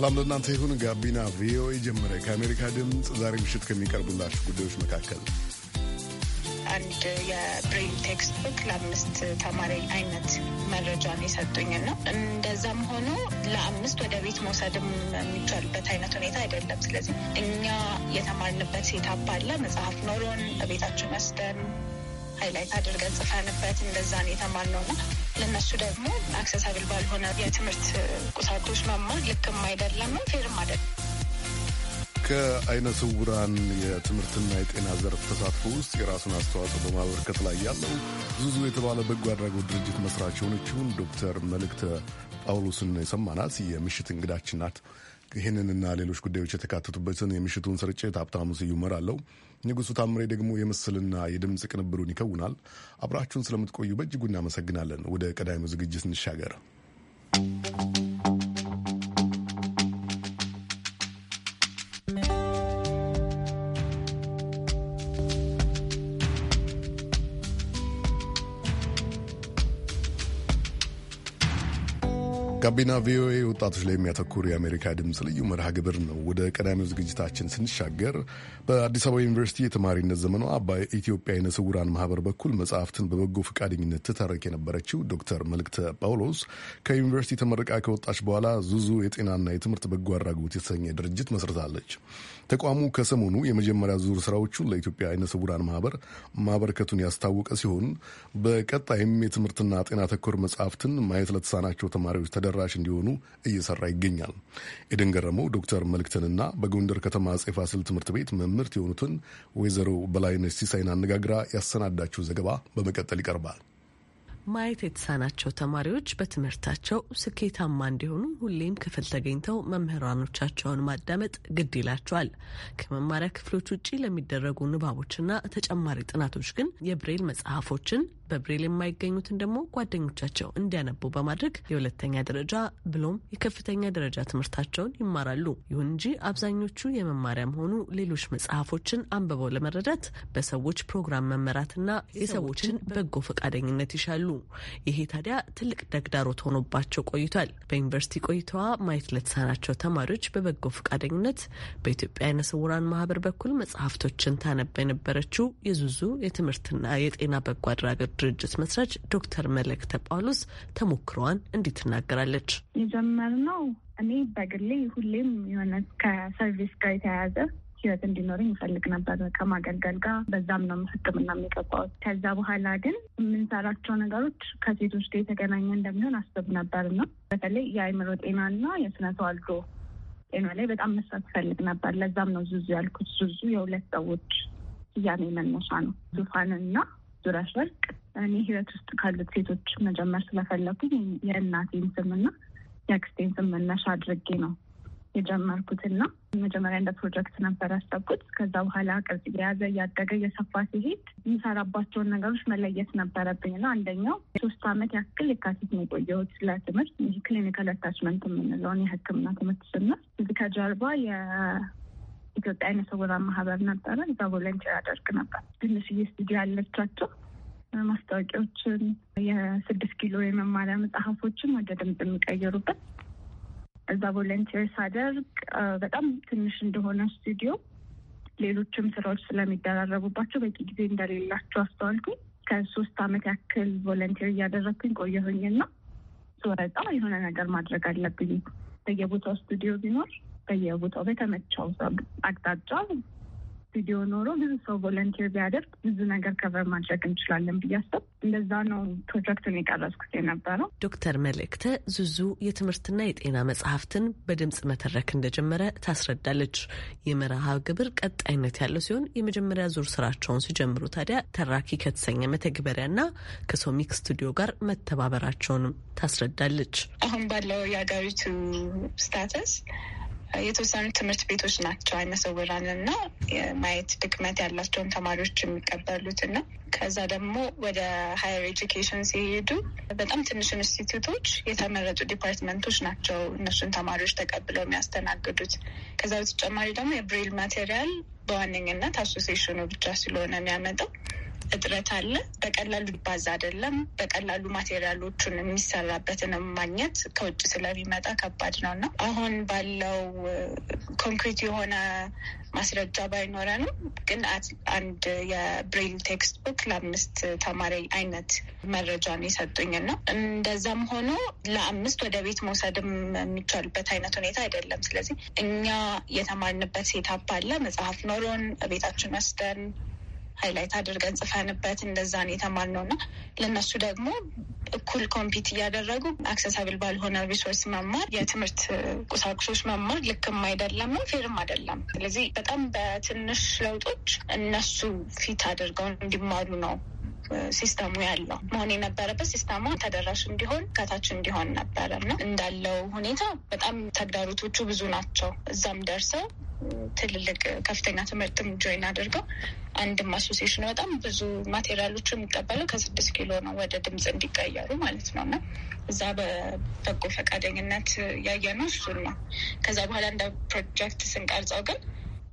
ሰላም ለእናንተ ይሁን። ጋቢና ቪኦኤ ጀመረ። ከአሜሪካ ድምፅ ዛሬ ምሽት ከሚቀርቡላችሁ ጉዳዮች መካከል አንድ የብሬል ቴክስት ቡክ ለአምስት ተማሪ አይነት መረጃን የሰጡኝ ነው። እንደዛም ሆኖ ለአምስት ወደ ቤት መውሰድም የሚቻልበት አይነት ሁኔታ አይደለም። ስለዚህ እኛ የተማርንበት ሴት አባለ መጽሐፍ ኖሮን በቤታችን ወስደን ሃይላይት አድርገን ጽፈንበት እንደዛን የተማርነው ነው። ለነሱ ደግሞ አክሰሳብል ባልሆነ የትምህርት ቁሳቁስ መማር ልክም አይደለም፣ ፌርም አይደለም። ከአይነ ስውራን የትምህርትና የጤና ዘርፍ ተሳትፎ ውስጥ የራሱን አስተዋጽኦ በማበርከት ላይ ያለው ዙዙ የተባለ በጎ አድራጎት ድርጅት መስራች የሆነችውን ዶክተር መልእክተ ጳውሎስን የሰማናት የምሽት እንግዳችን ናት። ይህንንና ሌሎች ጉዳዮች የተካተቱበትን የምሽቱን ስርጭት ሀብታሙ ስዩም እመራለሁ። ንጉሱ ታምሬ ደግሞ የምስልና የድምፅ ቅንብሩን ይከውናል። አብራችሁን ስለምትቆዩ በእጅጉ እናመሰግናለን። ወደ ቀዳሚው ዝግጅት እንሻገር። ጋቢና ቪኦኤ ወጣቶች ላይ የሚያተኩር የአሜሪካ ድምፅ ልዩ መርሃ ግብር ነው። ወደ ቀዳሚው ዝግጅታችን ስንሻገር በአዲስ አበባ ዩኒቨርሲቲ የተማሪነት ዘመኗ በኢትዮጵያ አይነ ስውራን ማህበር በኩል መጽሐፍትን በበጎ ፈቃደኝነት ትተረክ የነበረችው ዶክተር መልክተ ጳውሎስ ከዩኒቨርሲቲ ተመርቃ ከወጣች በኋላ ዙዙ የጤናና የትምህርት በጎ አድራጎት የተሰኘ ድርጅት መስርታለች። ተቋሙ ከሰሞኑ የመጀመሪያ ዙር ስራዎቹን ለኢትዮጵያ አይነ ስውራን ማህበር ማበርከቱን ያስታወቀ ሲሆን በቀጣይም የትምህርትና ጤና ተኮር መጽሐፍትን ማየት ለተሳናቸው ተማሪዎች ተደራ ተደራሽ እንዲሆኑ እየሰራ ይገኛል። ኤደን ገረመው ዶክተር መልክትንና በጎንደር ከተማ አጼ ፋሲል ትምህርት ቤት መምህርት የሆኑትን ወይዘሮ በላይነሽ ሲሳይን አነጋግራ ያሰናዳችው ዘገባ በመቀጠል ይቀርባል። ማየት የተሳናቸው ተማሪዎች በትምህርታቸው ስኬታማ እንዲሆኑ ሁሌም ክፍል ተገኝተው መምህራኖቻቸውን ማዳመጥ ግድ ይላቸዋል። ከመማሪያ ክፍሎች ውጭ ለሚደረጉ ንባቦችና ተጨማሪ ጥናቶች ግን የብሬል መጽሐፎችን በብሬል የማይገኙትን ደግሞ ጓደኞቻቸው እንዲያነቡ በማድረግ የሁለተኛ ደረጃ ብሎም የከፍተኛ ደረጃ ትምህርታቸውን ይማራሉ። ይሁን እንጂ አብዛኞቹ የመማሪያም ሆኑ ሌሎች መጽሐፎችን አንብበው ለመረዳት በሰዎች ፕሮግራም መመራትና የሰዎችን በጎ ፈቃደኝነት ይሻሉ። ይሄ ታዲያ ትልቅ ተግዳሮት ሆኖባቸው ቆይቷል። በዩኒቨርሲቲ ቆይታዋ ማየት ለተሳናቸው ተማሪዎች በበጎ ፈቃደኝነት በኢትዮጵያ አይነ ስውራን ማህበር በኩል መጽሐፍቶችን ታነባ የነበረችው የዙዙ የትምህርትና የጤና በጎ አድራጎት ድርጅት መስራች ዶክተር መለክተ ጳውሎስ ተሞክሯን እንዲህ ትናገራለች። የጀመርነው እኔ በግሌ ሁሌም የሆነ ከሰርቪስ ጋር የተያያዘ ህይወት እንዲኖረኝ ይፈልግ ነበር ከማገልገል ጋር። በዛም ነው ህክምና የሚገባውት። ከዛ በኋላ ግን የምንሰራቸው ነገሮች ከሴቶች ጋር የተገናኘ እንደሚሆን አስብ ነበር ነው በተለይ የአእምሮ ጤናና የስነ ተዋልዶ ጤና ላይ በጣም መስራት ይፈልግ ነበር። ለዛም ነው ዙዙ ያልኩት። ዙዙ የሁለት ሰዎች ስያሜ መነሻ ነው። ዙፋንና ዙረሽ ወርቅ እኔ ህይወት ውስጥ ካሉት ሴቶች መጀመር ስለፈለኩኝ የእናቴን ስምና የአክስቴን ስም መነሻ አድርጌ ነው የጀመርኩትና መጀመሪያ እንደ ፕሮጀክት ነበር ያሰብኩት። ከዛ በኋላ ቅርጽ እየያዘ እያደገ እየሰፋ ሲሄድ የሚሰራባቸውን ነገሮች መለየት ነበረብኝና አንደኛው ሶስት ዓመት ያክል የካቲት ነው የቆየሁት ለትምህርት ይህ ክሊኒካል አታችመንት የምንለውን የህክምና ትምህርት ስምር እዚህ ከጀርባ የኢትዮጵያ አይነ ስውራን ማህበር ነበረ። እዛ ቮለንቲር አደርግ ነበር ትንሽዬ ስቱዲዮ ያለቻቸው ማስታወቂያዎችን፣ የስድስት ኪሎ የመማሪያ መጽሐፎችን ወደ ድምጽ የሚቀይሩበት እዛ ቮለንቲር ሳደርግ በጣም ትንሽ እንደሆነ ስቱዲዮ ሌሎችም ስራዎች ስለሚደራረቡባቸው በቂ ጊዜ እንደሌላቸው አስተዋልኩኝ። ከሶስት አመት ያክል ቮለንቲር እያደረግኩኝ ቆየሁኝና ስወጣ የሆነ ነገር ማድረግ አለብኝ። በየቦታው ስቱዲዮ ቢኖር በየቦታው በተመቸው አቅጣጫ ስቱዲዮ ኖሮ ብዙ ሰው ቮለንቲር ቢያደርግ ብዙ ነገር ከበር ማድረግ እንችላለን ብዬ አስብ። እንደዛ ነው ፕሮጀክትን የቀረስኩት የነበረው። ዶክተር መልእክተ ዙዙ የትምህርትና የጤና መጽሐፍትን በድምፅ መተረክ እንደጀመረ ታስረዳለች። የመርሃ ግብር ቀጣይነት ያለው ሲሆን የመጀመሪያ ዙር ስራቸውን ሲጀምሩ ታዲያ ተራኪ ከተሰኘ መተግበሪያና ከሶሚክ ስቱዲዮ ጋር መተባበራቸውንም ታስረዳለች። አሁን ባለው የሀገሪቱ ስታተስ የተወሰኑ ትምህርት ቤቶች ናቸው አይነስውራንና ማየት ድክመት ያላቸውን ተማሪዎች የሚቀበሉት የሚቀበሉትና ከዛ ደግሞ ወደ ሀየር ኤጁኬሽን ሲሄዱ በጣም ትንሽ ኢንስቲትዩቶች የተመረጡ ዲፓርትመንቶች ናቸው እነሱን ተማሪዎች ተቀብለው የሚያስተናግዱት። ከዛ በተጨማሪ ደግሞ የብሬል ማቴሪያል በዋነኝነት አሶሲሽኑ ብቻ ስለሆነ የሚያመጣው እጥረት አለ። በቀላሉ ሊባዛ አይደለም። በቀላሉ ማቴሪያሎቹን የሚሰራበትንም ማግኘት ከውጭ ስለሚመጣ ከባድ ነው እና አሁን ባለው ኮንክሪት የሆነ ማስረጃ ባይኖረንም ግን አንድ የብሬል ቴክስት ቡክ ለአምስት ተማሪ አይነት መረጃን የሰጡኝ ነው። እንደዛም ሆኖ ለአምስት ወደ ቤት መውሰድም የሚቻልበት አይነት ሁኔታ አይደለም። ስለዚህ እኛ የተማርንበት ሴታፕ አለ መጽሐፍ ኖሮን ቤታችን ወስደን ሀይላይት አድርገን ጽፈንበት እንደዛን የተማርነው እና ለእነሱ ደግሞ እኩል ኮምፒት እያደረጉ አክሰሳብል ባልሆነ ሪሶርስ መማር፣ የትምህርት ቁሳቁሶች መማር ልክም አይደለም ነው፣ ፌርም አይደለም። ስለዚህ በጣም በትንሽ ለውጦች እነሱ ፊት አድርገው እንዲማሩ ነው ሲስተሙ ያለው መሆን የነበረበት ሲስተሙ ተደራሽ እንዲሆን ከታች እንዲሆን ነበረ እና እንዳለው ሁኔታ በጣም ተግዳሮቶቹ ብዙ ናቸው። እዛም ደርሰው ትልልቅ ከፍተኛ ትምህርትም ጆይን አድርገው አንድም አሶሲሽን በጣም ብዙ ማቴሪያሎቹ የሚቀበለው ከስድስት ኪሎ ነው ወደ ድምፅ እንዲቀየሩ ማለት ነው እና እዛ በበጎ ፈቃደኝነት ያየነው እሱን ነው። ከዛ በኋላ እንደ ፕሮጀክት ስንቀርጸው ግን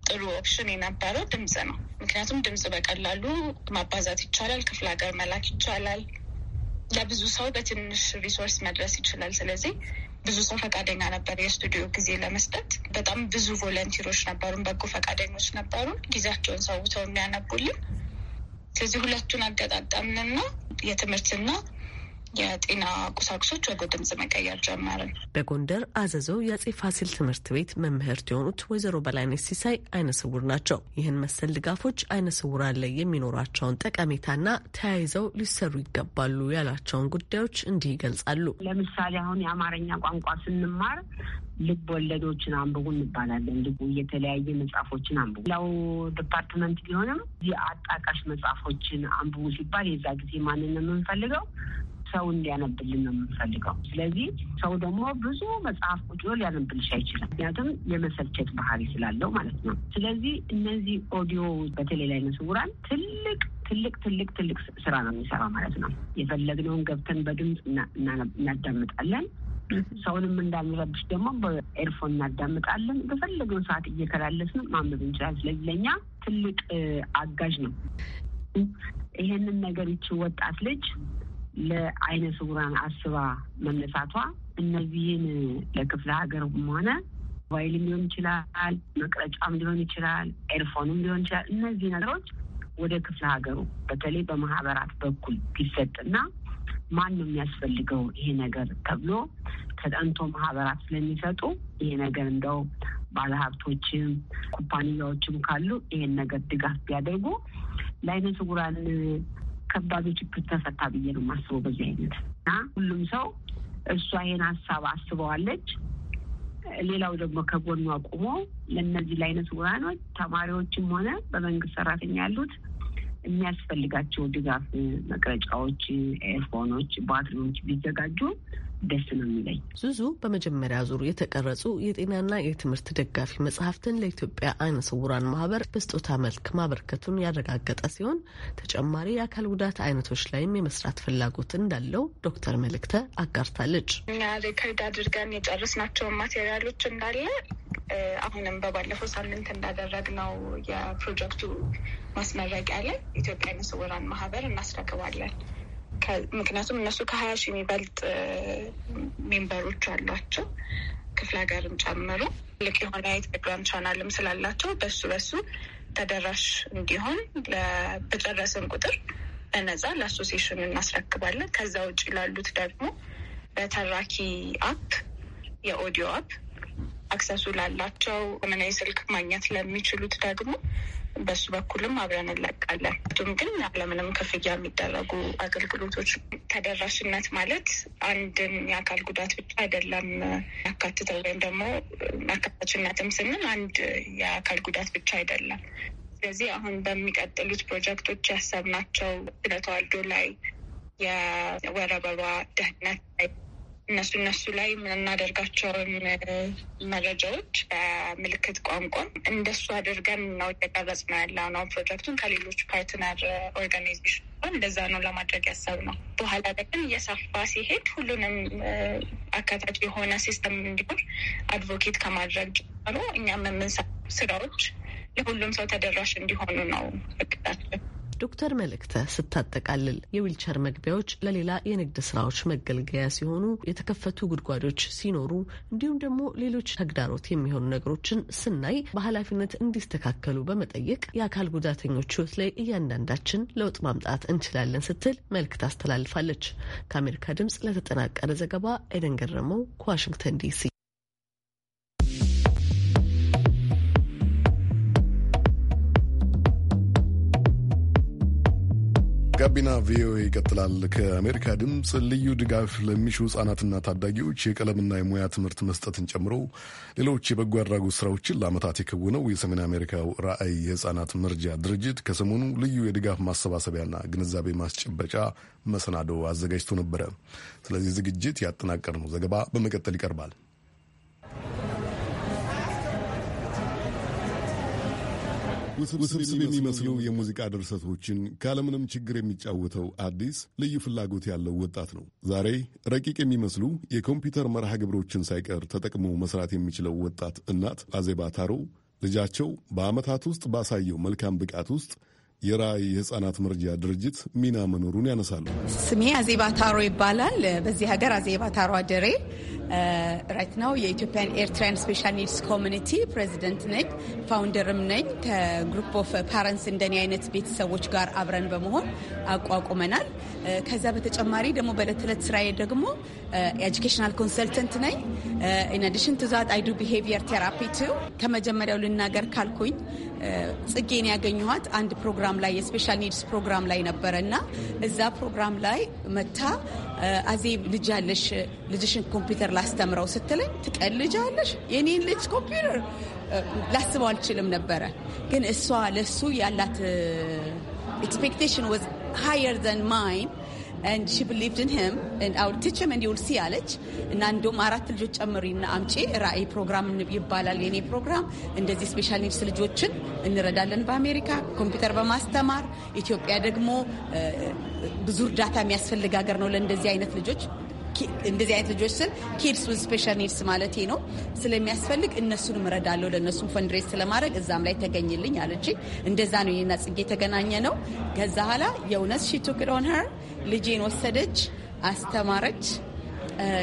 ጥሩ ኦፕሽን የነበረው ድምፅ ነው። ምክንያቱም ድምፅ በቀላሉ ማባዛት ይቻላል፣ ክፍለ ሀገር መላክ ይቻላል፣ ለብዙ ሰው በትንሽ ሪሶርስ መድረስ ይችላል። ስለዚህ ብዙ ሰው ፈቃደኛ ነበር የስቱዲዮ ጊዜ ለመስጠት። በጣም ብዙ ቮለንቲሮች ነበሩን፣ በጎ ፈቃደኞች ነበሩን ጊዜያቸውን ሰውተው የሚያነቡልን። ስለዚህ ሁለቱን አገጣጠምንና የትምህርትና የጤና ቁሳቁሶች ወደ ድምጽ መቀየር ጀመርን። በጎንደር አዘዘው የአጼ ፋሲል ትምህርት ቤት መምህርት የሆኑት ወይዘሮ በላይነት ሲሳይ አይነስውር ናቸው። ይህን መሰል ድጋፎች አይነስውራን ላይ የሚኖራቸውን ጠቀሜታና ተያይዘው ሊሰሩ ይገባሉ ያሏቸውን ጉዳዮች እንዲህ ይገልጻሉ። ለምሳሌ አሁን የአማርኛ ቋንቋ ስንማር ልብ ወለዶችን አንብቡ እንባላለን። ልቡ የተለያየ መጽሐፎችን አንብቡ ለው ዲፓርትመንት ቢሆንም አጣቃሽ መጽሐፎችን አንብቡ ሲባል የዛ ጊዜ ማንን ነው የምንፈልገው? ሰው እንዲያነብልን ነው የምንፈልገው። ስለዚህ ሰው ደግሞ ብዙ መጽሐፍ ቁጭ ብሎ ሊያነብልሽ አይችልም። ምክንያቱም የመሰልቸት ባህሪ ስላለው ማለት ነው። ስለዚህ እነዚህ ኦዲዮ በተለይ ላይ መስውራን ትልቅ ትልቅ ትልቅ ትልቅ ስራ ነው የሚሰራ ማለት ነው። የፈለግነውን ገብተን በድምፅ እናዳምጣለን። ሰውንም እንዳንረብሽ ደግሞ በኤርፎን እናዳምጣለን። በፈለግነው ሰዓት እየከላለስን ማንበብ እንችላለን። ስለዚህ ለእኛ ትልቅ አጋዥ ነው። ይሄንን ነገር ይቺ ወጣት ልጅ ለአይነ ስውራን አስባ መነሳቷ እነዚህን ለክፍለ ሀገርም ሆነ ሞባይልም ሊሆን ይችላል፣ መቅረጫም ሊሆን ይችላል፣ ኤርፎንም ሊሆን ይችላል። እነዚህ ነገሮች ወደ ክፍለ ሀገሩ በተለይ በማህበራት በኩል ቢሰጥና ማን ነው የሚያስፈልገው ይሄ ነገር ተብሎ ተጠንቶ ማህበራት ስለሚሰጡ ይሄ ነገር እንደው ባለሀብቶችም ኩባንያዎችም ካሉ ይሄን ነገር ድጋፍ ቢያደርጉ ለአይነ ስውራን ከባዱ ችግር ተፈታ ብዬ ነው የማስበው። በዚህ አይነት እና ሁሉም ሰው እሷ ይሄን ሀሳብ አስበዋለች። ሌላው ደግሞ ከጎኑ አቁሞ ለእነዚህ ለአይነት ውራኖች ተማሪዎችም ሆነ በመንግስት ሰራተኛ ያሉት የሚያስፈልጋቸው ድጋፍ መቅረጫዎች፣ ኤርፎኖች፣ ባትሪዎች ቢዘጋጁ ደስ ነው የሚለኝ። ዙዙ በመጀመሪያ ዙር የተቀረጹ የጤናና የትምህርት ደጋፊ መጽሐፍትን ለኢትዮጵያ አይነ ስውራን ማህበር በስጦታ መልክ ማበርከቱን ያረጋገጠ ሲሆን ተጨማሪ የአካል ጉዳት አይነቶች ላይም የመስራት ፍላጎት እንዳለው ዶክተር መልእክተ አጋርታለች። እኛ ሪከርድ አድርገን የጨረስናቸውን ማቴሪያሎች እንዳለ አሁንም በባለፈው ሳምንት እንዳደረግነው የፕሮጀክቱ ማስመረቂያ ላይ ኢትዮጵያ ዓይነ ስውራን ማህበር እናስረክባለን። ምክንያቱም እነሱ ከሀያ ሺህ የሚበልጥ ሜምበሮች አሏቸው ክፍለ ሀገርም ጨምሮ ትልቅ የሆነ የቴሌግራም ቻናልም ስላላቸው በሱ በሱ ተደራሽ እንዲሆን በጨረስን ቁጥር በነፃ ለአሶሴሽን እናስረክባለን። ከዛ ውጭ ላሉት ደግሞ በተራኪ አፕ የኦዲዮ አፕ አክሰሱ ላላቸው ዘመናዊ ስልክ ማግኘት ለሚችሉት ደግሞ በሱ በኩልም አብረን እንለቃለን። ቱም ግን ያለምንም ክፍያ የሚደረጉ አገልግሎቶች ተደራሽነት ማለት አንድን የአካል ጉዳት ብቻ አይደለም ያካትተው ወይም ደግሞ አካታችነትም ስንል አንድ የአካል ጉዳት ብቻ አይደለም። ስለዚህ አሁን በሚቀጥሉት ፕሮጀክቶች ያሰብናቸው ስለ ላይ የወረበሯ አበባ እነሱ እነሱ ላይ የምናደርጋቸውን መረጃዎች በምልክት ቋንቋም እንደሱ አድርገን ነው እየቀረጽ ነው ያለው ነው ፕሮጀክቱን ከሌሎች ፓርትነር ኦርጋናይዜሽን እንደዛ ነው ለማድረግ ያሰብ ነው። በኋላ ላይ ግን እየሰፋ ሲሄድ ሁሉንም አካታች የሆነ ሲስተም እንዲሆን አድቮኬት ከማድረግ ጀምሮ እኛም የምንሰራው ስራዎች ለሁሉም ሰው ተደራሽ እንዲሆኑ ነው እቅዳችን። ዶክተር መልእክተ ስታጠቃልል የዊልቸር መግቢያዎች ለሌላ የንግድ ስራዎች መገልገያ ሲሆኑ የተከፈቱ ጉድጓዶች ሲኖሩ እንዲሁም ደግሞ ሌሎች ተግዳሮት የሚሆኑ ነገሮችን ስናይ በኃላፊነት እንዲስተካከሉ በመጠየቅ የአካል ጉዳተኞች ህይወት ላይ እያንዳንዳችን ለውጥ ማምጣት እንችላለን ስትል መልእክት አስተላልፋለች። ከአሜሪካ ድምጽ ለተጠናቀረ ዘገባ ኤደን ገረመው ከዋሽንግተን ዲሲ ጋቢና ቪኦኤ ይቀጥላል። ከአሜሪካ ድምፅ ልዩ ድጋፍ ለሚሹ ህጻናትና ታዳጊዎች የቀለምና የሙያ ትምህርት መስጠትን ጨምሮ ሌሎች የበጎ አድራጎት ስራዎችን ለአመታት የከወነው የሰሜን አሜሪካው ራዕይ የህጻናት መርጃ ድርጅት ከሰሞኑ ልዩ የድጋፍ ማሰባሰቢያና ግንዛቤ ማስጨበጫ መሰናዶ አዘጋጅቶ ነበረ። ስለዚህ ዝግጅት ያጠናቀርነው ዘገባ በመቀጠል ይቀርባል። ውስብስብ የሚመስሉ የሙዚቃ ድርሰቶችን ካለምንም ችግር የሚጫወተው አዲስ ልዩ ፍላጎት ያለው ወጣት ነው። ዛሬ ረቂቅ የሚመስሉ የኮምፒውተር መርሃ ግብሮችን ሳይቀር ተጠቅሞ መስራት የሚችለው ወጣት እናት አዜባ ታሮ ልጃቸው በዓመታት ውስጥ ባሳየው መልካም ብቃት ውስጥ የራእይ የህፃናት መርጃ ድርጅት ሚና መኖሩን ያነሳሉ። ስሜ አዜባ ታሮ ይባላል። በዚህ ሀገር አዜባ ታሮ አደሬ ራይት uh, ናው የኢትዮጵያን ኤርትራን ስፔሻል ኒድስ ኮሚኒቲ ፕሬዚደንት ነኝ፣ ፋውንደርም ነኝ። ከግሩፕ ኦፍ ፓረንትስ እንደኔ አይነት ቤተሰቦች ጋር አብረን በመሆን አቋቁመናል። uh, ከዛ በተጨማሪ ደግሞ በእለት ተዕለት ስራዬ ደግሞ ኤጁኬሽናል uh, ኮንሰልተንት ነኝ። ኢን አዲሽን ቱ ዛት አይ ዱ ቢሄቪየር ቴራፒ ቱ ከመጀመሪያው ልናገር ካልኩኝ ጽጌን ያገኘኋት አንድ ፕሮግራም ላይ የስፔሻል ኒድስ ፕሮግራም ላይ ነበረ እና እዛ ፕሮግራም ላይ መታ አዜብ ልጅ ያለሽ ልጅሽን ኮምፒውተር ላስተምረው ስትለኝ ትቀልጃለሽ የኔን ልጅ ኮምፒውተር ላስበው አልችልም ነበረ። ግን እሷ ለሱ ያላት ኤክስፔክቴሽን ወዝ ሃየር ዘን ማይን ሲ አለች እና እንዲሁም አራት ልጆች ጨምሪና አምጪ ራዕይ ፕሮግራም ይባላል የኔ ፕሮግራም። እንደዚህ ስፔሻል ኒድስ ልጆችን እንረዳለን በአሜሪካ ኮምፒውተር በማስተማር ኢትዮጵያ ደግሞ ብዙ እርዳታ የሚያስፈልግ ሀገር ነው ለእንደዚህ አይነት ልጆች እንደዚህ አይነት ልጆች ስል ኪድስ ዊዝ ስፔሻል ኒድስ ማለት ነው ስለሚያስፈልግ እነሱንም እረዳለሁ ለእነሱ ፈንድሬስ ስለማድረግ እዛም ላይ ተገኝልኝ አለች። እንደዛ ነው ይህና ጽጌ የተገናኘ ነው። ከዛ ኋላ የእውነት ሺ ቱክ ኦን ሄር ልጄን ወሰደች፣ አስተማረች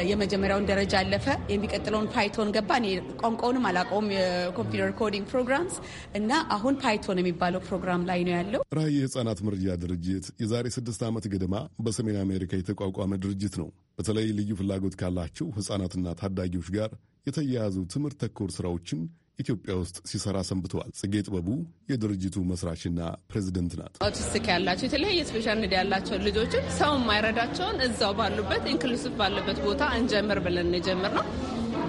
የመጀመሪያውን ደረጃ አለፈ። የሚቀጥለውን ፓይቶን ገባ። እኔ ቋንቋውንም አላውቀውም የኮምፒውተር ኮዲንግ ፕሮግራምስ እና አሁን ፓይቶን የሚባለው ፕሮግራም ላይ ነው ያለው። ራዕይ የህጻናት መርጃ ድርጅት የዛሬ ስድስት ዓመት ገደማ በሰሜን አሜሪካ የተቋቋመ ድርጅት ነው። በተለይ ልዩ ፍላጎት ካላቸው ህጻናትና ታዳጊዎች ጋር የተያያዙ ትምህርት ተኮር ስራዎችን ኢትዮጵያ ውስጥ ሲሰራ ሰንብተዋል። ጽጌ ጥበቡ የድርጅቱ መስራችና ፕሬዚደንት ናት። ኦቲስቲክ ያላቸው የተለያየ ስፔሻሊቲ ያላቸው ልጆችን ሰው የማይረዳቸውን እዛው ባሉበት ኢንክሉሲቭ ባለበት ቦታ እንጀምር ብለን ጀምር ነው።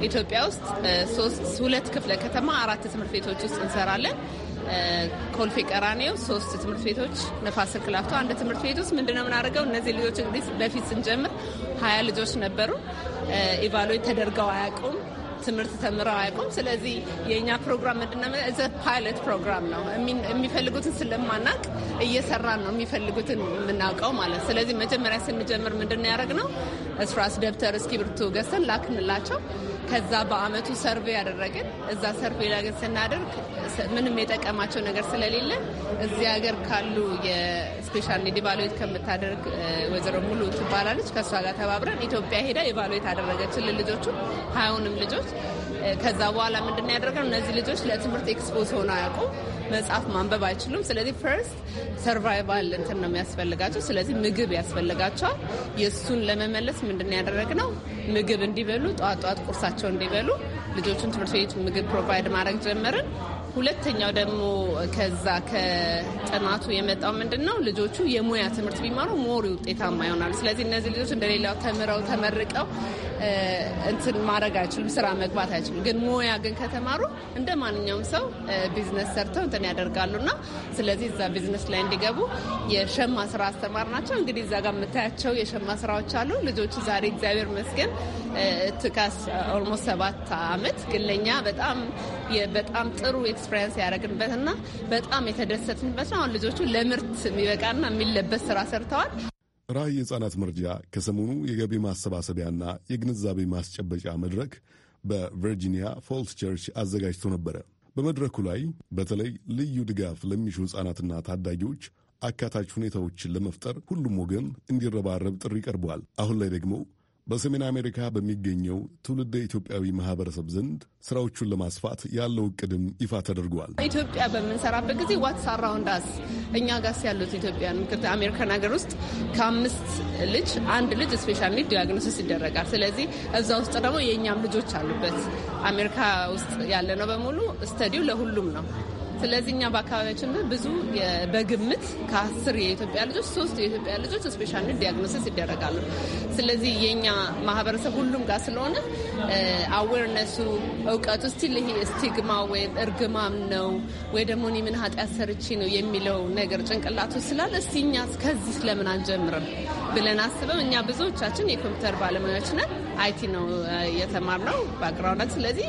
ኢትዮጵያ ውስጥ ሶስት ሁለት ክፍለ ከተማ አራት ትምህርት ቤቶች ውስጥ እንሰራለን። ኮልፌ ቀራኔው ሶስት ትምህርት ቤቶች፣ ነፋስ ስልክ ላፍቶ አንድ ትምህርት ቤት ውስጥ ምንድነው የምናደርገው? እነዚህ ልጆች እንግዲህ በፊት ስንጀምር ሀያ ልጆች ነበሩ። ኢቫሉዌት ተደርገው አያውቁም። ትምህርት ተምረው አያውቁም። ስለዚህ የእኛ ፕሮግራም ምንድን እዘ ፓይለት ፕሮግራም ነው። የሚፈልጉትን ስለማናቅ እየሰራን ነው የሚፈልጉትን የምናውቀው ማለት። ስለዚህ መጀመሪያ ስንጀምር ያደረግ ነው ያደረግነው? እስራስ ደብተር፣ እስክሪብቶ ገዝተን ላክንላቸው። ከዛ በአመቱ ሰርቬ ያደረግን እዛ ሰርቬ ላይ ስናደርግ ምንም የጠቀማቸው ነገር ስለሌለ እዚህ ሀገር ካሉ የስፔሻል ኢቫሉዌት ከምታደርግ ወይዘሮ ሙሉ ትባላለች ከእሷ ጋር ተባብረን ኢትዮጵያ ሄዳ ኢቫሉዌት አደረገችልን ልጆቹ ሀያውንም ልጆች። ከዛ በኋላ ምንድን ያደረገው እነዚህ ልጆች ለትምህርት ኤክስፖዝ ሆነ አያውቁ መጽሐፍ ማንበብ አይችሉም። ስለዚህ ፈርስት ሰርቫይቫል እንትን ነው የሚያስፈልጋቸው። ስለዚህ ምግብ ያስፈልጋቸዋል። የእሱን ለመመለስ ምንድን ነው ምግብ እንዲበሉ ጠዋት ጠዋት ቁርሳቸው ልጆቻቸው እንዲበሉ ልጆቹን ትምህርት ቤት ምግብ ፕሮቫይድ ማድረግ ጀመርን። ሁለተኛው ደግሞ ከዛ ከጥናቱ የመጣው ምንድን ነው? ልጆቹ የሙያ ትምህርት ቢማሩ ሞሪ ውጤታማ ይሆናሉ። ስለዚህ እነዚህ ልጆች እንደሌላው ተምረው ተመርቀው እንትን ማድረግ አይችሉም፣ ስራ መግባት አይችሉም። ግን ሙያ ግን ከተማሩ እንደ ማንኛውም ሰው ቢዝነስ ሰርተው እንትን ያደርጋሉና ስለዚህ እዛ ቢዝነስ ላይ እንዲገቡ የሸማ ስራ አስተማር ናቸው። እንግዲህ እዛ ጋር የምታያቸው የሸማ ስራዎች አሉ። ልጆቹ ዛሬ እግዚአብሔር ይመስገን ትካስ ኦልሞስት ሰባት አመት ግን ለእኛ በጣም በጣም ጥሩ ኤክስፔሪንስ ያደረግንበትና በጣም የተደሰትንበት ነው። አሁን ልጆቹ ለምርት የሚበቃና የሚለበስ ስራ ሰርተዋል። ራዕይ የሕፃናት መርጃ ከሰሞኑ የገቢ ማሰባሰቢያና የግንዛቤ ማስጨበጫ መድረክ በቨርጂኒያ ፎልስ ቸርች አዘጋጅቶ ነበረ። በመድረኩ ላይ በተለይ ልዩ ድጋፍ ለሚሹ ሕፃናትና ታዳጊዎች አካታች ሁኔታዎችን ለመፍጠር ሁሉም ወገን እንዲረባረብ ጥሪ ቀርቧል። አሁን ላይ ደግሞ በሰሜን አሜሪካ በሚገኘው ትውልደ ኢትዮጵያዊ ማህበረሰብ ዘንድ ስራዎቹን ለማስፋት ያለው እቅድም ይፋ ተደርጓል። ኢትዮጵያ በምንሰራበት ጊዜ ዋትስ አራውንድ አስ እኛ ጋስ ያሉት ኢትዮጵያን ምክር አሜሪካን ሀገር ውስጥ ከአምስት ልጅ አንድ ልጅ ስፔሻል ኒድ ዲያግኖሲስ ይደረጋል። ስለዚህ እዛ ውስጥ ደግሞ የእኛም ልጆች አሉበት። አሜሪካ ውስጥ ያለ ነው በሙሉ ስተዲው ለሁሉም ነው ስለዚህ እኛ በአካባቢያችን ብዙ በግምት ከአስር የኢትዮጵያ ልጆች ሶስት የኢትዮጵያ ልጆች ስፔሻል ዲያግኖሲስ ይደረጋሉ። ስለዚህ የእኛ ማህበረሰብ ሁሉም ጋር ስለሆነ አዌርነሱ እውቀቱ ስቲል ይሄ ስቲግማ ወይም እርግማም ነው ወይ ደግሞ እኔ ምን ኃጢአት ሰርቼ ነው የሚለው ነገር ጭንቅላቱ ስላለ እስቲ እኛ ከዚህ ለምን አንጀምርም ብለን አስበም እኛ ብዙዎቻችን የኮምፒውተር ባለሙያዎች ነን አይቲ ነው የተማርነው ባክግራውንዳችን። ስለዚህ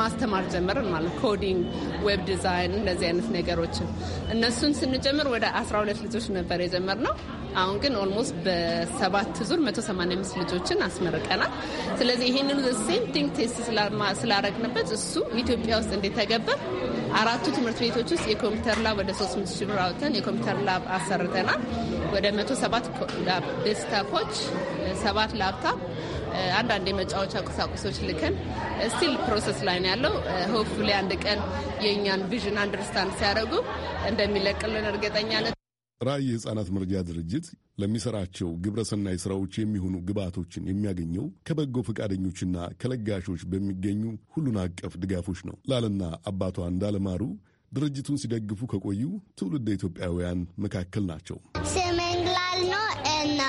ማስተማር ጀመርን ማለት ኮዲንግ፣ ዌብ ዲዛይን እንደዚህ አይነት ነገሮችን እነሱን ስንጀምር ወደ 12 ልጆች ነበር የጀመርነው። አሁን ግን ኦልሞስት በሰባት ዙር 185 ልጆችን አስመርቀናል። ስለዚህ ይህንን ሴም ቲንግ ቴስት ስላረግንበት እሱ ኢትዮጵያ ውስጥ እንደተገበር አራቱ ትምህርት ቤቶች ውስጥ የኮምፒውተር ላብ ወደ 300 ሺህ ብር አውጥተን የኮምፒውተር ላብ አሰርተናል። ወደ 107 ዴስክታፖች፣ ሰባት ላፕታፕ አንዳንድ የመጫወቻ ቁሳቁሶች ልከን ስቲል ፕሮሰስ ላይ ነው ያለው። ሆፕ ላይ አንድ ቀን የእኛን ቪዥን አንደርስታንድ ሲያደርጉ እንደሚለቅልን እርግጠኛ ነ ራዕይ መርጃ ድርጅት ለሚሰራቸው ግብረሰናይ ስራዎች የሚሆኑ ግብዓቶችን የሚያገኘው ከበጎ ፈቃደኞችና ከለጋሾች በሚገኙ ሁሉን አቀፍ ድጋፎች ነው። ላልና አባቷ እንዳለማሩ ድርጅቱን ሲደግፉ ከቆዩ ትውልድ ኢትዮጵያውያን መካከል ናቸው። ስሜ እንግላል ነው። እና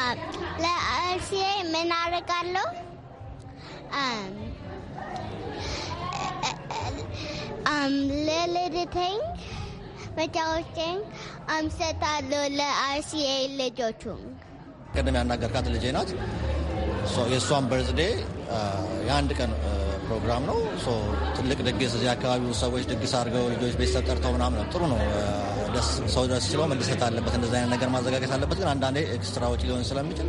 ለእርሴ ምን አደርጋለሁ? ለልድተኝ መጫወቼን አምሰታለሁ ለአርሲኤ ልጆቹ። ቅድም ያናገርካት ልጄ ናት። የእሷን በርዝዴ የአንድ ቀን ፕሮግራም ነው። ትልቅ ድግስ እዚህ አካባቢ ሰዎች ድግስ አድርገው ልጆች ቤተሰብ ጠርተው ምናምን ጥሩ ነው። ሰው ደስ ችሎ መደሰት አለበት። እንደዚ አይነት ነገር ማዘጋጀት አለበት። ግን አንዳንዴ ኤክስትራ ወጪ ሊሆን ስለሚችል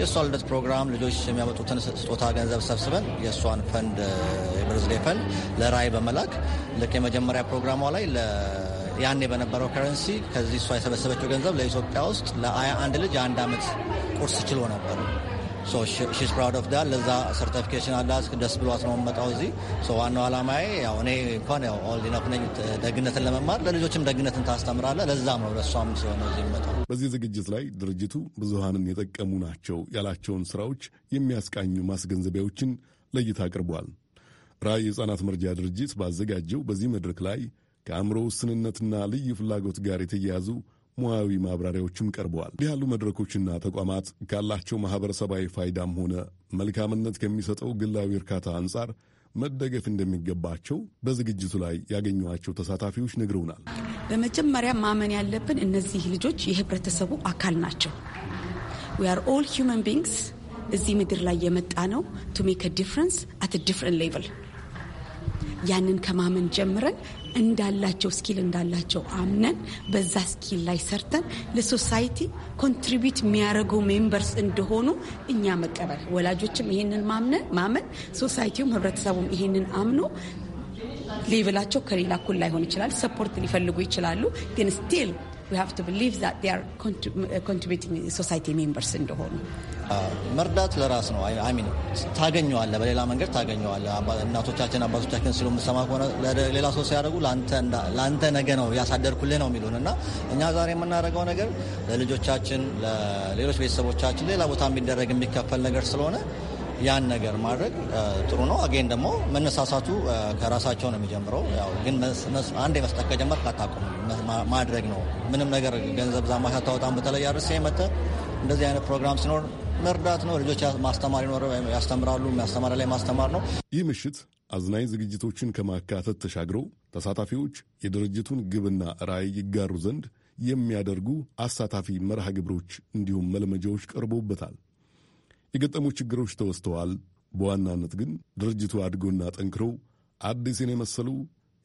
የእሷ ልደት ፕሮግራም ልጆች የሚያመጡትን ስጦታ ገንዘብ ሰብስበን የእሷን ፈንድ የብርዝሌ ፈንድ ለራይ በመላክ ልክ የመጀመሪያ ፕሮግራሟ ላይ ያኔ በነበረው ከረንሲ ከዚህ እሷ የሰበሰበችው ገንዘብ ለኢትዮጵያ ውስጥ ለአያ አንድ ልጅ የአንድ ዓመት ቁርስ ችሎ ነበር። ሺስ ፕራውድ ኦፍ ዳት። ለዛ ሰርቲፊኬሽን አላት ደስ ብሏት ነው መጣው እዚህ። ዋናው አላማዬ ያው እኔ እንኳን ያው ኦልድ ኢነፍ ነኝ ደግነትን ለመማር ለልጆችም ደግነትን ታስተምራለ። ለዛም ነው ለእሷም ሲሆነ እዚህ መጣው። በዚህ ዝግጅት ላይ ድርጅቱ ብዙሃንን የጠቀሙ ናቸው ያላቸውን ስራዎች የሚያስቃኙ ማስገንዘቢያዎችን ለእይታ አቅርቧል። ራዕይ የሕፃናት መርጃ ድርጅት ባዘጋጀው በዚህ መድረክ ላይ ከአእምሮ ውስንነትና ልዩ ፍላጎት ጋር የተያያዙ ሙያዊ ማብራሪያዎችም ቀርበዋል። እንዲህ ያሉ መድረኮችና ተቋማት ካላቸው ማህበረሰባዊ ፋይዳም ሆነ መልካምነት ከሚሰጠው ግላዊ እርካታ አንጻር መደገፍ እንደሚገባቸው በዝግጅቱ ላይ ያገኟቸው ተሳታፊዎች ነግረውናል። በመጀመሪያ ማመን ያለብን እነዚህ ልጆች የህብረተሰቡ አካል ናቸው። ዊ አር ኦል ሂውማን ቢንግስ እዚህ ምድር ላይ የመጣ ነው ቱ ሜክ ዲፍረንስ አት ዲፍረንት ሌቨል ያንን ከማመን ጀምረን እንዳላቸው ስኪል እንዳላቸው አምነን በዛ ስኪል ላይ ሰርተን ለሶሳይቲ ኮንትሪቢዩት የሚያደርጉ ሜምበርስ እንደሆኑ እኛ መቀበል፣ ወላጆችም ይህንን ማመን፣ ሶሳይቲውም ህብረተሰቡም ይህንን አምኖ ሌቭላቸው ከሌላ እኩል ላይሆን ይችላል። ሰፖርት ሊፈልጉ ይችላሉ ግን ስቲል we have to believe that they are contributing society members እንደሆኑ መርዳት ለራስ ነው። አይ ሚን ታገኘዋለህ፣ በሌላ መንገድ ታገኘዋለህ። እናቶቻችን አባቶቻችን ሲሉ የምሰማ ከሆነ ሌላ ሰው ሲያደርጉ ለአንተ ነገ ነው ያሳደርኩልህ ነው የሚሉን እና እኛ ዛሬ የምናደርገው ነገር ለልጆቻችን፣ ለሌሎች ቤተሰቦቻችን ሌላ ቦታ የሚደረግ የሚከፈል ነገር ስለሆነ ያን ነገር ማድረግ ጥሩ ነው። አጌን ደግሞ መነሳሳቱ ከራሳቸው ነው የሚጀምረው። ግን አንዴ መስጠት ከጀመር አታቆምም፣ ማድረግ ነው። ምንም ነገር ገንዘብ ዛ ማሽ አታወጣም። በተለይ አርስ የመጠ እንደዚህ አይነት ፕሮግራም ሲኖር መርዳት ነው። ልጆች ማስተማር ይኖረ ያስተምራሉ። ማስተማር ላይ ማስተማር ነው። ይህ ምሽት አዝናኝ ዝግጅቶችን ከማካተት ተሻግረው ተሳታፊዎች የድርጅቱን ግብና ራዕይ ይጋሩ ዘንድ የሚያደርጉ አሳታፊ መርሃ ግብሮች እንዲሁም መልመጃዎች ቀርቦበታል። የገጠሙ ችግሮች ተወስተዋል። በዋናነት ግን ድርጅቱ አድጎና ጠንክሮ አዲስን የመሰሉ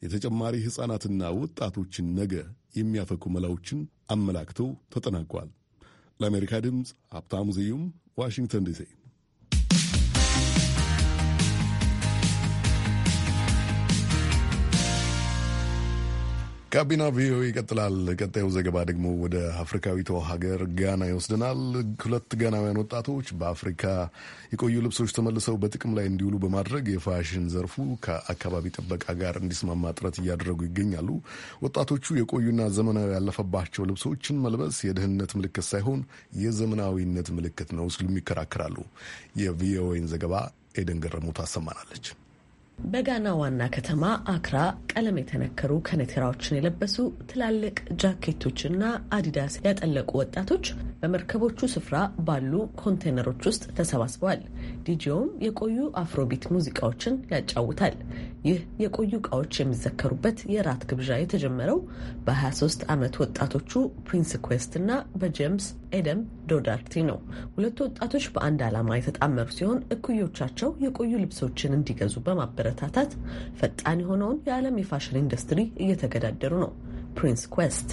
የተጨማሪ ሕፃናትና ወጣቶችን ነገ የሚያፈኩ መላዎችን አመላክቶ ተጠናቋል። ለአሜሪካ ድምፅ ሀብታሙ ስዩም ዋሽንግተን ዲሲ ጋቢና ቪኦኤ ይቀጥላል። ቀጣዩ ዘገባ ደግሞ ወደ አፍሪካዊቷ ሀገር ጋና ይወስደናል። ሁለት ጋናውያን ወጣቶች በአፍሪካ የቆዩ ልብሶች ተመልሰው በጥቅም ላይ እንዲውሉ በማድረግ የፋሽን ዘርፉ ከአካባቢ ጥበቃ ጋር እንዲስማማ ጥረት እያደረጉ ይገኛሉ። ወጣቶቹ የቆዩና ዘመናዊ ያለፈባቸው ልብሶችን መልበስ የድህነት ምልክት ሳይሆን የዘመናዊነት ምልክት ነው ሲሉም ይከራከራሉ። የቪኦኤን ዘገባ ኤደን ገረሙ ታሰማናለች። በጋና ዋና ከተማ አክራ ቀለም የተነከሩ ከነቴራዎችን የለበሱ ትላልቅ ጃኬቶችና አዲዳስ ያጠለቁ ወጣቶች በመርከቦቹ ስፍራ ባሉ ኮንቴነሮች ውስጥ ተሰባስበዋል። ዲጄውም የቆዩ አፍሮቢት ሙዚቃዎችን ያጫውታል። ይህ የቆዩ እቃዎች የሚዘከሩበት የራት ግብዣ የተጀመረው በ23 ዓመት ወጣቶቹ ፕሪንስ ኩዌስት እና በጄምስ ኤደም ዶዳርቲ ነው። ሁለቱ ወጣቶች በአንድ ዓላማ የተጣመሩ ሲሆን እኩዮቻቸው የቆዩ ልብሶችን እንዲገዙ በማበረታታት ፈጣን የሆነውን የዓለም የፋሽን ኢንዱስትሪ እየተገዳደሩ ነው። ፕሪንስ ኩዌስት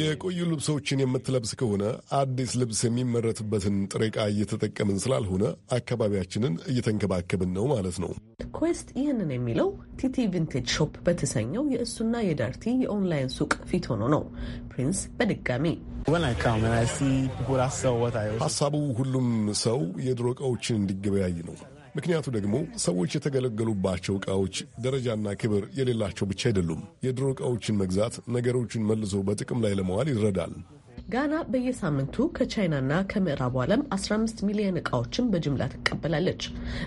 የቆዩ ልብሶችን የምትለብስ ከሆነ አዲስ ልብስ የሚመረትበትን ጥሬ ዕቃ እየተጠቀምን ስላልሆነ አካባቢያችንን እየተንከባከብን ነው ማለት ነው። ኩዌስት ይህንን የሚለው ቲቲ ቪንቴጅ ሾፕ በተሰኘው የእሱና የዳርቲ የኦንላይን ሱቅ ፊት ሆኖ ነው። ፕሪንስ በድጋሚ ሀሳቡ ሁሉም ሰው የድሮ ዕቃዎችን እንዲገበያይ ነው። ምክንያቱ ደግሞ ሰዎች የተገለገሉባቸው ዕቃዎች ደረጃና ክብር የሌላቸው ብቻ አይደሉም። የድሮ ዕቃዎችን መግዛት ነገሮችን መልሶ በጥቅም ላይ ለመዋል ይረዳል። ጋና በየሳምንቱ ከቻይናና ከምዕራቡ ዓለም 15 ሚሊዮን እቃዎችን በጅምላ ትቀበላለች።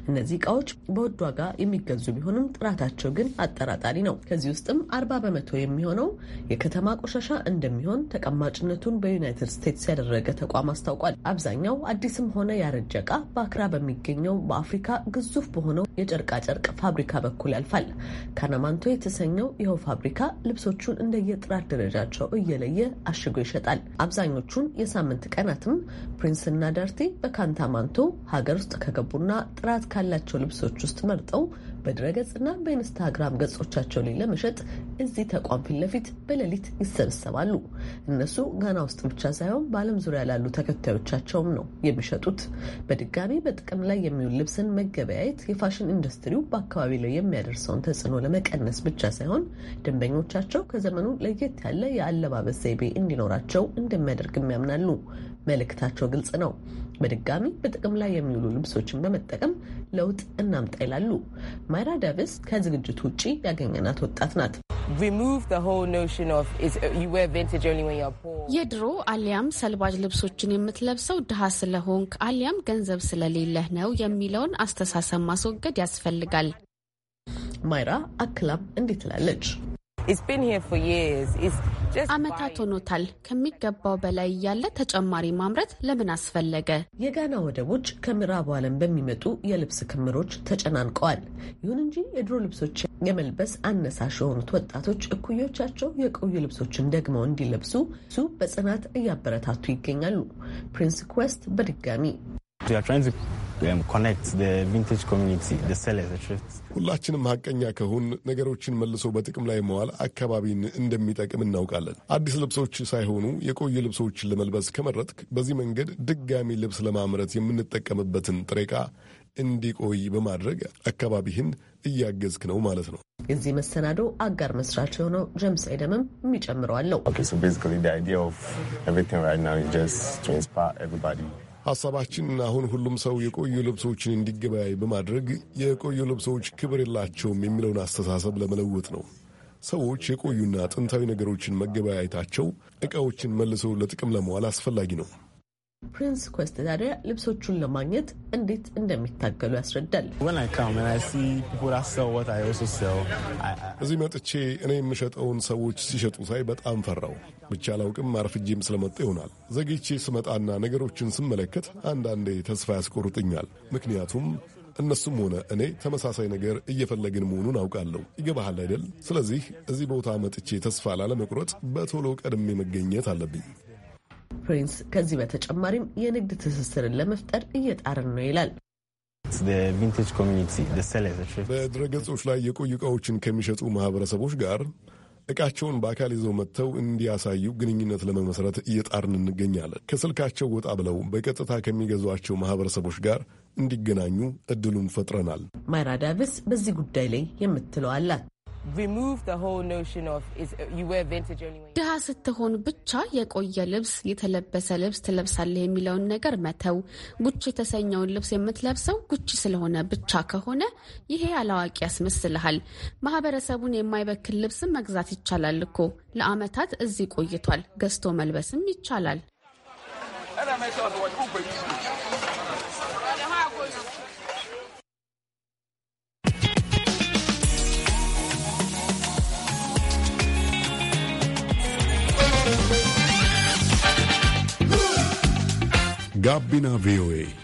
እነዚህ እቃዎች በውድ ዋጋ የሚገዙ ቢሆንም ጥራታቸው ግን አጠራጣሪ ነው። ከዚህ ውስጥም 40 በመቶ የሚሆነው የከተማ ቆሻሻ እንደሚሆን ተቀማጭነቱን በዩናይትድ ስቴትስ ያደረገ ተቋም አስታውቋል። አብዛኛው አዲስም ሆነ ያረጀ እቃ በአክራ በሚገኘው በአፍሪካ ግዙፍ በሆነው የጨርቃጨርቅ ፋብሪካ በኩል ያልፋል። ካናማንቶ የተሰኘው ይኸው ፋብሪካ ልብሶቹን እንደየጥራት ደረጃቸው እየለየ አሽጎ ይሸጣል። አብዛኞቹን የሳምንት ቀናትም ፕሪንስና ዳርቴ በካንታማንቶ ሀገር ውስጥ ከገቡና ጥራት ካላቸው ልብሶች ውስጥ መርጠው በድረገጽና በኢንስታግራም ገጾቻቸው ላይ ለመሸጥ እዚህ ተቋም ፊት ለፊት በሌሊት ይሰበሰባሉ። እነሱ ጋና ውስጥ ብቻ ሳይሆን በዓለም ዙሪያ ላሉ ተከታዮቻቸውም ነው የሚሸጡት። በድጋሚ በጥቅም ላይ የሚውል ልብስን መገበያየት የፋሽን ኢንዱስትሪው በአካባቢ ላይ የሚያደርሰውን ተጽዕኖ ለመቀነስ ብቻ ሳይሆን ደንበኞቻቸው ከዘመኑ ለየት ያለ የአለባበስ ዘይቤ እንዲኖራቸው እንደሚያደርግ ያምናሉ። መልእክታቸው ግልጽ ነው። በድጋሚ በጥቅም ላይ የሚውሉ ልብሶችን በመጠቀም ለውጥ እናምጣ ይላሉ። ማይራ ዳቪስ ከዝግጅቱ ውጭ ያገኘናት ወጣት ናት። የድሮ አሊያም ሰልባጅ ልብሶችን የምትለብሰው ድሃ ስለሆንክ አሊያም ገንዘብ ስለሌለህ ነው የሚለውን አስተሳሰብ ማስወገድ ያስፈልጋል። ማይራ አክላም እንዴት ትላለች። ዓመታት ሆኖታል። ከሚገባው በላይ እያለ ተጨማሪ ማምረት ለምን አስፈለገ? የጋና ወደቦች ከምዕራቡ ዓለም በሚመጡ የልብስ ክምሮች ተጨናንቀዋል። ይሁን እንጂ የድሮ ልብሶች የመልበስ አነሳሽ የሆኑት ወጣቶች እኩዮቻቸው የቆዩ ልብሶችን ደግመው እንዲለብሱ ሱ በጽናት እያበረታቱ ይገኛሉ። ፕሪንስ ኩዌስት በድጋሚ ሁላችንም ሀቀኛ ከሆን ነገሮችን መልሶ በጥቅም ላይ መዋል አካባቢን እንደሚጠቅም እናውቃለን። አዲስ ልብሶች ሳይሆኑ የቆዩ ልብሶችን ለመልበስ ከመረጥክ፣ በዚህ መንገድ ድጋሚ ልብስ ለማምረት የምንጠቀምበትን ጥሬ ዕቃ እንዲቆይ በማድረግ አካባቢህን እያገዝክ ነው ማለት ነው። የዚህ መሰናዶ አጋር መስራች የሆነው ጀምስ አይደምም የሚጨምረው አለው። ሀሳባችን አሁን ሁሉም ሰው የቆዩ ልብሶችን እንዲገበያይ በማድረግ የቆዩ ልብሶች ክብር የላቸውም የሚለውን አስተሳሰብ ለመለወጥ ነው። ሰዎች የቆዩና ጥንታዊ ነገሮችን መገበያየታቸው ዕቃዎችን መልሰው ለጥቅም ለመዋል አስፈላጊ ነው። ፕሪንስ ኮስት ታዲያ ልብሶቹን ለማግኘት እንዴት እንደሚታገሉ ያስረዳል። እዚህ መጥቼ እኔ የምሸጠውን ሰዎች ሲሸጡ ሳይ በጣም ፈራው። ብቻ አላውቅም፣ አርፍጄም ስለመጣ ይሆናል። ዘግቼ ስመጣና ነገሮችን ስመለከት አንዳንዴ ተስፋ ያስቆርጥኛል። ምክንያቱም እነሱም ሆነ እኔ ተመሳሳይ ነገር እየፈለግን መሆኑን አውቃለሁ። ይገባሃል አይደል? ስለዚህ እዚህ ቦታ መጥቼ ተስፋ ላለመቁረጥ በቶሎ ቀድሜ መገኘት አለብኝ። ፕሪንስ ከዚህ በተጨማሪም የንግድ ትስስርን ለመፍጠር እየጣርን ነው ይላል። በድረገጾች ላይ የቆዩ እቃዎችን ከሚሸጡ ማህበረሰቦች ጋር እቃቸውን በአካል ይዘው መጥተው እንዲያሳዩ ግንኙነት ለመመስረት እየጣርን እንገኛለን። ከስልካቸው ወጣ ብለው በቀጥታ ከሚገዟቸው ማህበረሰቦች ጋር እንዲገናኙ እድሉን ፈጥረናል። ማይራ ዳቪስ በዚህ ጉዳይ ላይ የምትለው አላት። ድሃ ስትሆን ብቻ የቆየ ልብስ የተለበሰ ልብስ ትለብሳለህ የሚለውን ነገር መተው። ጉቺ የተሰኘውን ልብስ የምትለብሰው ጉቺ ስለሆነ ብቻ ከሆነ ይሄ አላዋቂ ያስመስልሃል። ማህበረሰቡን የማይበክል ልብስም መግዛት ይቻላል እኮ። ለአመታት እዚህ ቆይቷል። ገዝቶ መልበስም ይቻላል። ጋቢና ቪኦኤ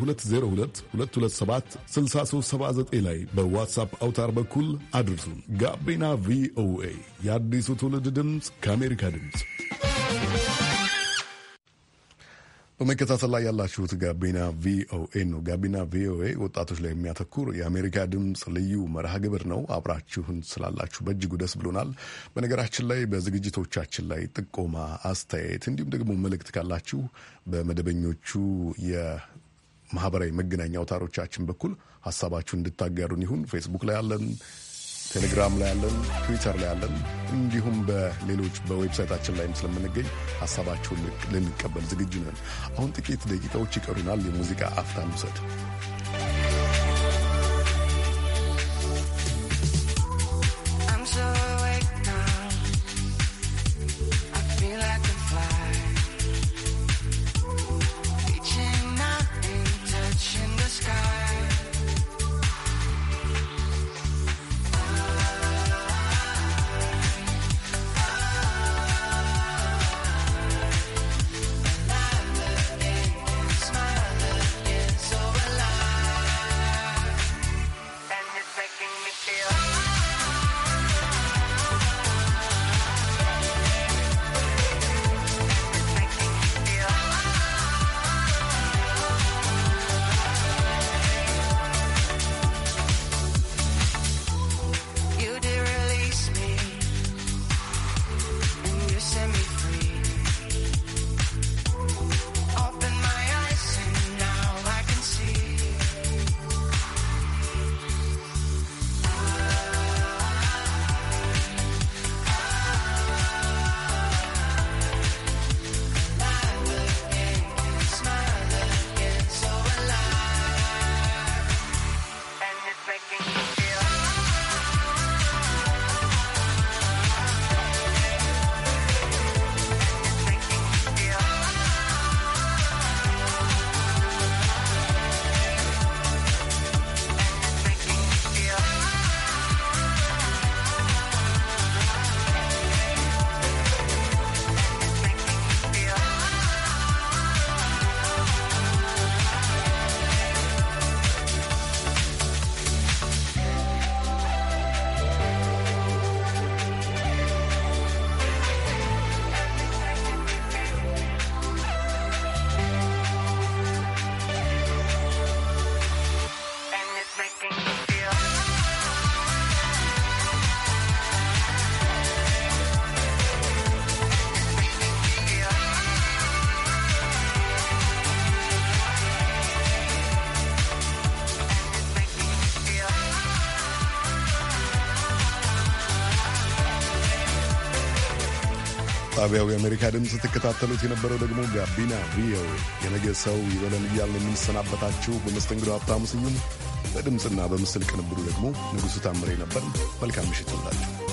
በ2022276379 ላይ በዋትሳፕ አውታር በኩል አድርሱን። ጋቢና ቪኦኤ የአዲሱ ትውልድ ድምፅ ከአሜሪካ ድምፅ በመከታተል ላይ ያላችሁት ጋቢና ቪኦኤ ነው። ጋቢና ቪኦኤ ወጣቶች ላይ የሚያተኩር የአሜሪካ ድምፅ ልዩ መርሃ ግብር ነው። አብራችሁን ስላላችሁ በእጅጉ ደስ ብሎናል። በነገራችን ላይ በዝግጅቶቻችን ላይ ጥቆማ፣ አስተያየት እንዲሁም ደግሞ መልእክት ካላችሁ በመደበኞቹ ማህበራዊ መገናኛ አውታሮቻችን በኩል ሀሳባችሁን እንድታጋሩን ይሁን። ፌስቡክ ላይ አለን፣ ቴሌግራም ላይ አለን፣ ትዊተር ላይ አለን። እንዲሁም በሌሎች በዌብሳይታችን ላይም ስለምንገኝ ሀሳባችሁን ልንቀበል ዝግጁ ነን። አሁን ጥቂት ደቂቃዎች ይቀሩናል። የሙዚቃ አፍታ ውሰድ። ከጣቢያው የአሜሪካ ድምፅ ትከታተሉት የነበረው ደግሞ ጋቢና ቪኦኤ የነገ ሰው ይበለን እያልን የምንሰናበታችሁ በመስተንግዶ ሀብታሙ ስዩም፣ በድምፅና በምስል ቅንብሩ ደግሞ ንጉሡ ታምሬ ነበር። መልካም ምሽት ይላችሁ።